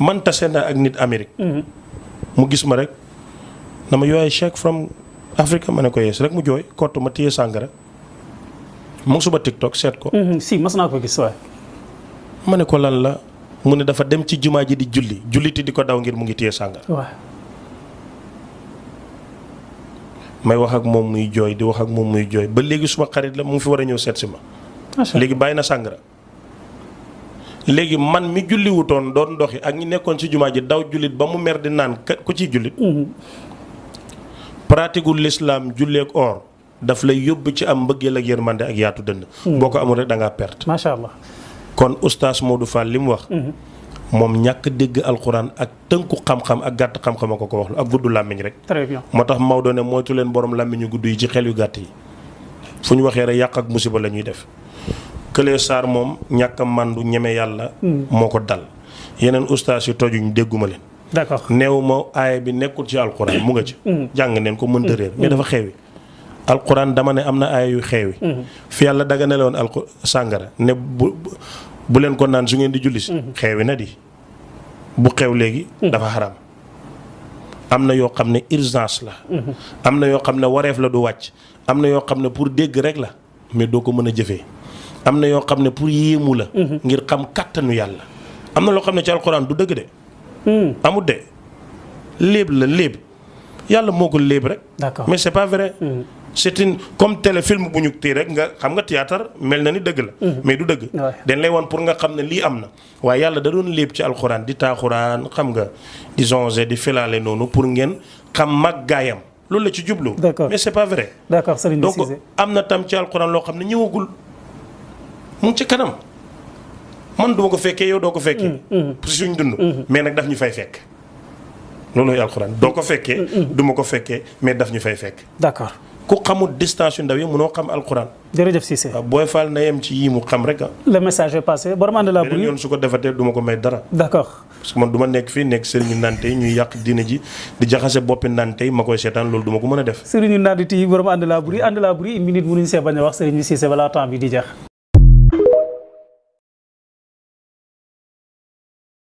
man tase Amerik, ak nit Namanya mhm. mu gis ma rek yoy from Africa mané ko yes rek mu jooy kott ma téye sangara mo suba TikTok set ko. Mhm, si mas naa ko gis way mané ko lan la mu ne dafa dem ci jumaa ji di julli julli ti diko daw ngir mu ngi téye sàngara. may wax ak mom muy joy di wax ak mom muy joy ba léegi suma xarit la mu fi wara ñew set ci ma. bayina na léegi man mi julliwutoon doon doxi ak ñi nekkoon ci jumaa ji daw jullit ba mu mer di naan ku ciy jullit pratique gu lislaam julleek or daf lay yóbbu ci am mbëggeel ak yërmande ak yaatu dënn boo ko amul rek da perte macha allah kon oustaz Modou Fall li mu wax moom ñàkk dégg alxuraan ak tënku xam-xam ak gàtt xam-xam ko ko wax ak gudd làmmiñ rek moo tax Maodo ne moytu leen borom làmmiñu gudd yi ci xel yu gàtt yi fu ñu waxee rek yàq ak musiba la ñuy def Kële Sarr moom ñàkk a màndu ñeme yàlla. Hmm. moo ko dal yeneen ustaas yu tojuñ dégguma leen. d'accord ma aaya bi nekkul ci alxuraan mu nga ci. Hmm. Hmm. jàng neen ko mënta réer mais dafa xewi. alxuraan dama ne am na aaya yu xewi. fi yàlla daga ne la woon alxu sàngara ne bu bu leen ko naan su ngeen di julli si. xewi na di bu xew léegi. dafa xaram. am na yoo xam ne urgence la. am na yoo xam ne wareef la du wàcc. am na yoo xam ne pour dégg rek la mais doo ko mën a jëfee. am na yoo xam ne pour yéemu la. Mhm. ngir xam kàttanu yàlla. am na loo xam ne ci alxuraan du dëgg de. Hmm. amut de léeb la léeb yàlla moo ko léeb rek. d'accord mais et pas vrai. Hmm. c'est comme téléfilm bu ñu téye rek nga xam nga théâtre mel na ni dëgg la. Hmm. mais du dëgg. dañ lay woon pour nga xam ne lii am na. waaye yàlla da doon léeb ci alxuraan di taaxuraan xam nga di songé di filaale noonu pour ngeen xam mag màggaayam loolu la ci jublu. mais c'est pas vrai. d'accord Serigne Cissé donc am na tam ci alxuraan loo xam ne ñëwagul. mu ci kanam man duma ko fekkee yow doo ko fekkee. Mm, mm. suñ dund. Mm-hmm. mais nag daf ñu fay fekk. loolu mooy alxuraan doo ko fekkee. Mm-hmm. Mm-hmm. duma ko fekkee mais daf ñu fay fekk. d'accord ku xamul distance yu ndaw yi mënoo xam alxuraan. jërëjëf Cissé waaw booy faal na yem ci yii mu xam rek ah. message est di jaxase boppi nante yi ma koy seetaan loolu duma ko mën a def. sëriñu nante yi borom ànd laa bëgg ànd laa bëgg une see bañ a wax sëriñu Cissé balaa temps bi di jeex.